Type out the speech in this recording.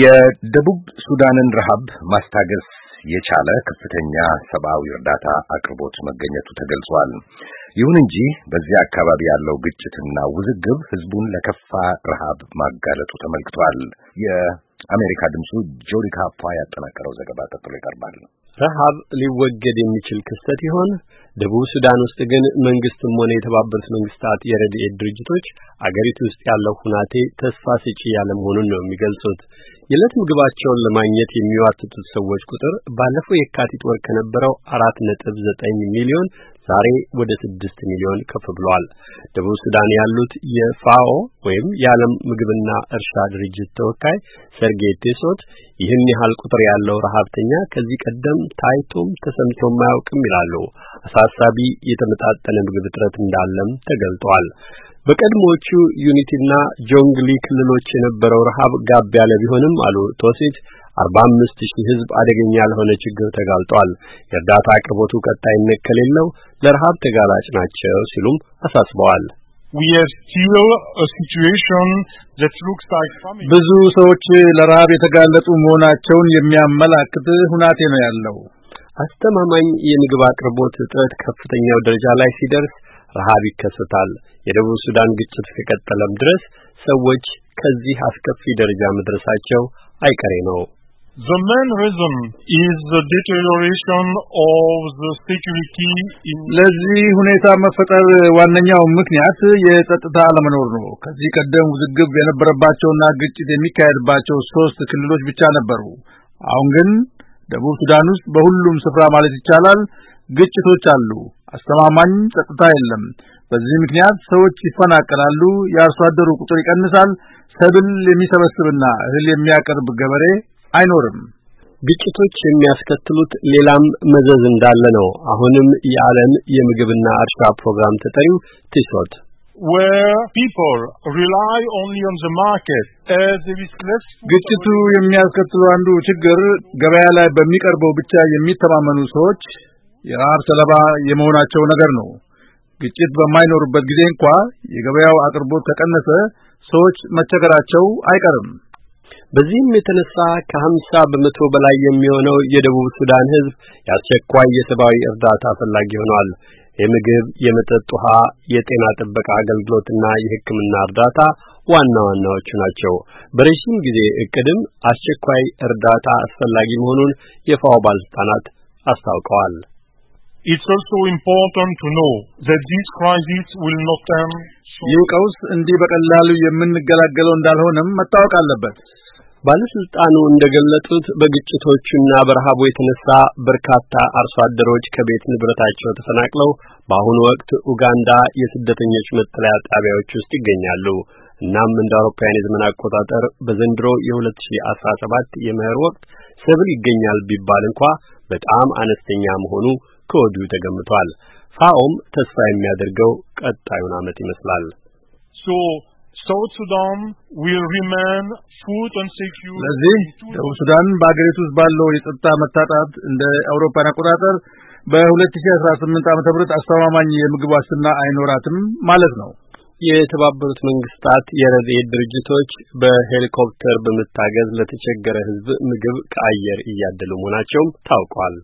የደቡብ ሱዳንን ረሃብ ማስታገስ የቻለ ከፍተኛ ሰብአዊ እርዳታ አቅርቦት መገኘቱ ተገልጿል። ይሁን እንጂ በዚያ አካባቢ ያለው ግጭትና ውዝግብ ህዝቡን ለከፋ ረሃብ ማጋለጡ ተመልክቷል። የአሜሪካ ድምፁ ጆሪ ካፓ ያጠናቀረው ዘገባ ቀጥሎ ይቀርባል። ረሃብ ሊወገድ የሚችል ክስተት ይሆን? ደቡብ ሱዳን ውስጥ ግን መንግስትም ሆነ የተባበሩት መንግስታት የረድኤት ድርጅቶች አገሪቱ ውስጥ ያለው ሁናቴ ተስፋ ሰጪ ያለ መሆኑን ነው የሚገልጹት። የዕለት ምግባቸውን ለማግኘት የሚዋትቱት ሰዎች ቁጥር ባለፈው የካቲት ወር ከነበረው አራት ነጥብ ዘጠኝ ሚሊዮን ዛሬ ወደ ስድስት ሚሊዮን ከፍ ብሏል። ደቡብ ሱዳን ያሉት የፋኦ ወይም የዓለም ምግብና እርሻ ድርጅት ተወካይ ሰርጌ ቴሶት ይህን ያህል ቁጥር ያለው ረሃብተኛ ከዚህ ቀደም ታይቶም ተሰምቶም አያውቅም ይላሉ። አሳሳቢ የተመጣጠነ ምግብ እጥረት እንዳለም ተገልጧል። በቀድሞዎቹ ዩኒቲና ጆንግሊ ክልሎች የነበረው ረሃብ ጋብ ያለ ቢሆንም አሉ ቶሲት 45 ሺህ ህዝብ አደገኛ ለሆነ ችግር ተጋልጧል። የእርዳታ አቅርቦቱ ቀጣይነት ከሌለው ለረሃብ ተጋላጭ ናቸው ሲሉም አሳስበዋል። ብዙ ሰዎች ለረሃብ የተጋለጡ መሆናቸውን የሚያመላክት ሁናቴ ነው ያለው። አስተማማኝ የምግብ አቅርቦት እጥረት ከፍተኛው ደረጃ ላይ ሲደርስ ረሃብ ይከሰታል። የደቡብ ሱዳን ግጭት ከቀጠለም ድረስ ሰዎች ከዚህ አስከፊ ደረጃ መድረሳቸው አይቀሬ ነው። The main reason is the deterioration of the security in ለዚህ ሁኔታ መፈጠር ዋነኛው ምክንያት የጸጥታ አለመኖር ነው። ከዚህ ቀደም ውዝግብ የነበረባቸውና ግጭት የሚካሄድባቸው ሶስት ክልሎች ብቻ ነበሩ። አሁን ግን ደቡብ ሱዳን ውስጥ በሁሉም ስፍራ ማለት ይቻላል ግጭቶች አሉ። አስተማማኝ ጸጥታ የለም። በዚህ ምክንያት ሰዎች ይፈናቀላሉ፣ የአርሶ አደሩ ቁጥር ይቀንሳል፣ ሰብል የሚሰበስብና እህል የሚያቀርብ ገበሬ አይኖርም። ግጭቶች የሚያስከትሉት ሌላም መዘዝ እንዳለ ነው። አሁንም የዓለም የምግብና እርሻ ፕሮግራም ተጠሪው ቲሶት ግጭቱ የሚያስከትሉ አንዱ ችግር ገበያ ላይ በሚቀርበው ብቻ የሚተማመኑ ሰዎች የረሃብ ሰለባ የመሆናቸው ነገር ነው። ግጭት በማይኖርበት ጊዜ እንኳ የገበያው አቅርቦት ከቀነሰ ሰዎች መቸገራቸው አይቀርም። በዚህም የተነሳ ከሀምሳ በመቶ በላይ የሚሆነው የደቡብ ሱዳን ህዝብ የአስቸኳይ የሰብአዊ እርዳታ ፈላጊ ሆኗል። የምግብ፣ የመጠጥ ውሃ፣ የጤና ጥበቃ አገልግሎትና የሕክምና እርዳታ ዋና ዋናዎቹ ናቸው። በረዥም ጊዜ እቅድም አስቸኳይ እርዳታ አስፈላጊ መሆኑን የፋው ባለስልጣናት አስታውቀዋል። It's also important to know that this crisis will not end ይህ ቀውስ እንዲህ በቀላሉ የምንገላገለው እንዳልሆነም መታወቅ አለበት። ባለስልጣኑ እንደገለጡት በግጭቶቹና በረሃቡ የተነሳ በርካታ አርሶ አደሮች ከቤት ንብረታቸው ተፈናቅለው በአሁኑ ወቅት ኡጋንዳ የስደተኞች መጠለያ ጣቢያዎች ውስጥ ይገኛሉ። እናም እንደ አውሮፓውያን የዘመን አቆጣጠር በዘንድሮ የ2017 የመኸር ወቅት ሰብል ይገኛል ቢባል እንኳ በጣም አነስተኛ መሆኑ ከወዲሁ ተገምቷል። ፋኦም ተስፋ የሚያደርገው ቀጣዩን ዓመት ይመስላል። ስለዚህ ደቡብ ሱዳን በአገሪቱ ውስጥ ባለው የጸጥታ መታጣት እንደ አውሮፓን አቆጣጠር በ2018 ዓመተ ምህረት አስተማማኝ የምግብ ዋስትና አይኖራትም ማለት ነው። የተባበሩት መንግስታት የረድኤት ድርጅቶች በሄሊኮፕተር በመታገዝ ለተቸገረ ህዝብ ምግብ ከአየር እያደሉ መሆናቸውም ታውቋል።